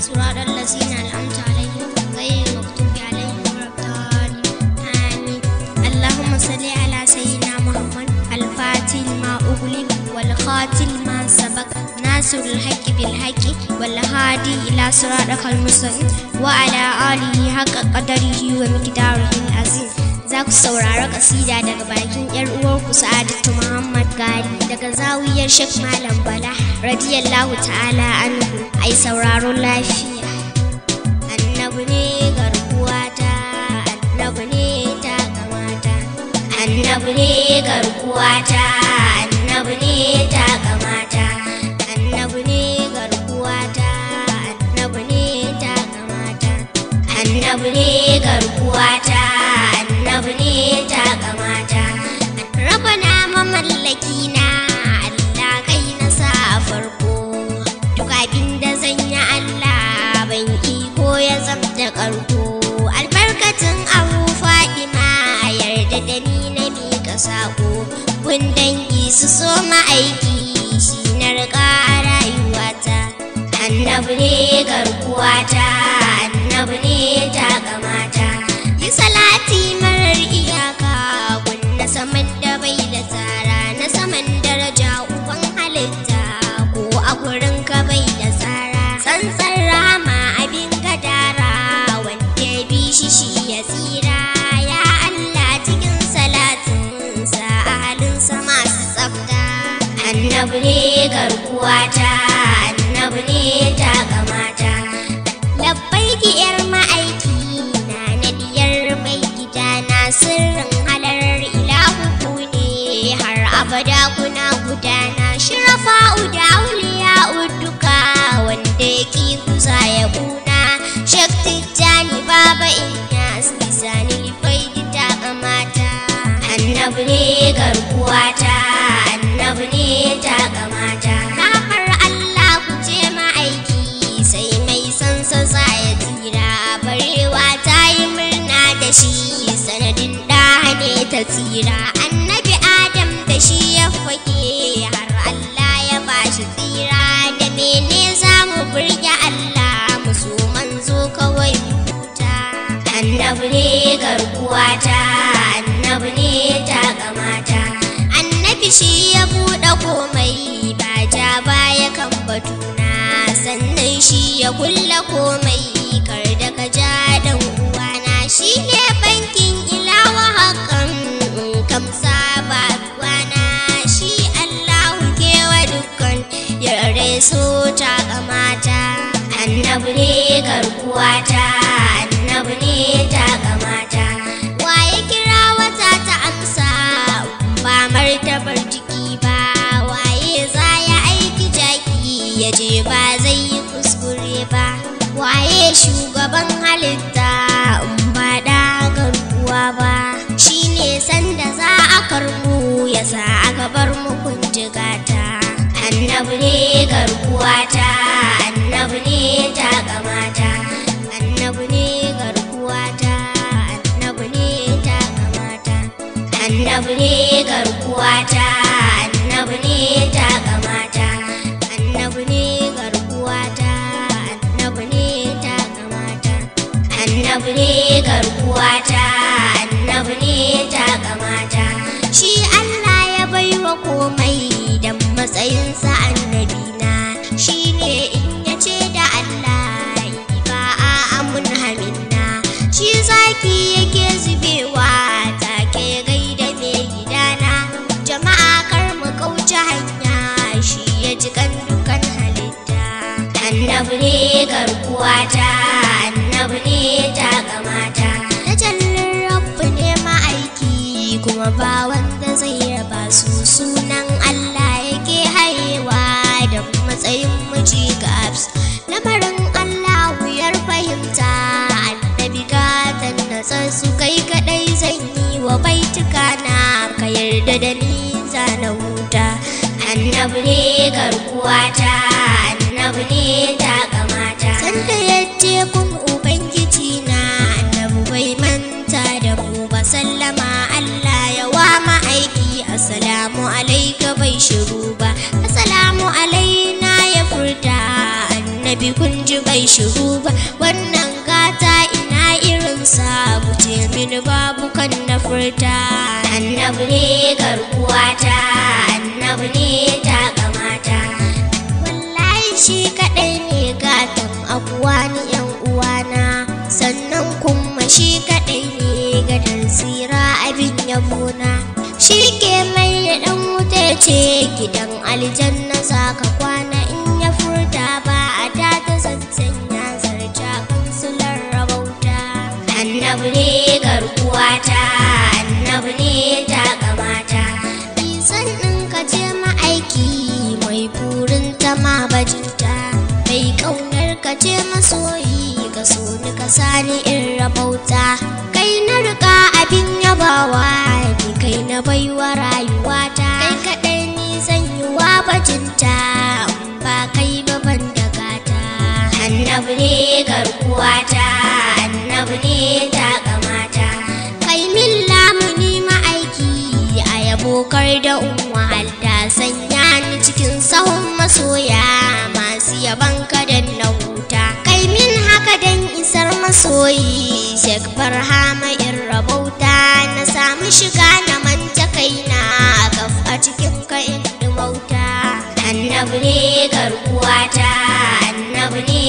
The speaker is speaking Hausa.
صراط الذين أنعمت عليهم غير المغضوب عليهم ولا آمين اللهم صل على سيدنا محمد الفاتح ما أغلق والخاتم ما سبق ناصر الحق بالحق والهادي إلى صراطك المستقيم وعلى آله حق قدره ومقداره العظيم za ku saurari kasida daga bakin yar uwarku Sa'adatu Muhammad Gari daga zawiyar shek Malam Bala radiyallahu ta'ala anhu ai sauraron lafiya annabi ne garkuwata annabi ne ta kamata, annabi ne garkuwata da ni na miƙa saƙo kun dangi su so ma'aiki shi na riƙa a rayuwata annabi ne garkuwata annabi ne takamata yi what tsira annabi adam da shi ya fake har Allah ya ba shi tsira da mene za mu burge Allah musu manzo kawai huta annabi ne garkuwa ta annabi ne ta kamata annabi shi ya buɗe komai ba ja baya kan batuna sannan shi ya kulle komai mata annabi ne ta kamata waye kira wata ta amsa ba martabar jiki ba waye za ya aiki jaki ya je ba zai yi kuskure ba waye shugaban halitta ba da garkuwa ba shine sanda za a karbu ya sa annabi ne garkuwa ta annabi ne ta kamata annabi ne annabi ne annabi ne annabi ne shi Allah ya baiwa komai da matsayinsa annabi na shi annabi ne garkuwa ta annabi ne ta kamata jallin rabbi ne ma'aiki kuma ba wanda zai raba su sunan Allah yake haiwa da matsayin miji ga lamarin Allah wuyar fahimta annabi gatan natsar su kai kadai zan yi wa baituka na ka yarda da ni zana huta annabi ne garkuwa ta abu ne da kamata sanda ya je kun ubangiji na annabi bai manta da mu ba sallama Allah ya wa ma'aiki assalamu alaika bai shiru ba assalamu alaina ya furta annabi kun ji bai shiru ba wannan gata ina irin sa ce mini babu kan na furta annabi ne garkuwata annabi ne ta shi kaɗai ne gatan abuwa ni yan uwana sannan kuma shi kaɗai ne gadar tsira abin yabona shi ke mai da ɗan wuta ce gidan aljanna za ka kwana in ya furta ba a ta ta zancen ya zarta kunsular rabauta annabi ne ta. soyi ka so ni ka sani in rabauta kai na rika abin yabawa ni kai na baiwa rayuwata kai kaɗai ni zan yi wa bajinta ba kai ba ban ta, annabi ne ta annabi ne takamata kai min lamuni ma'aiki a yabokar da unwa sanya ni cikin sahun masoya masu yaban ka masoyi shek farhama in rabauta na samu shiga na manta kaina kaf a cikin ka in annabne annabi ne garkuwata annabi ne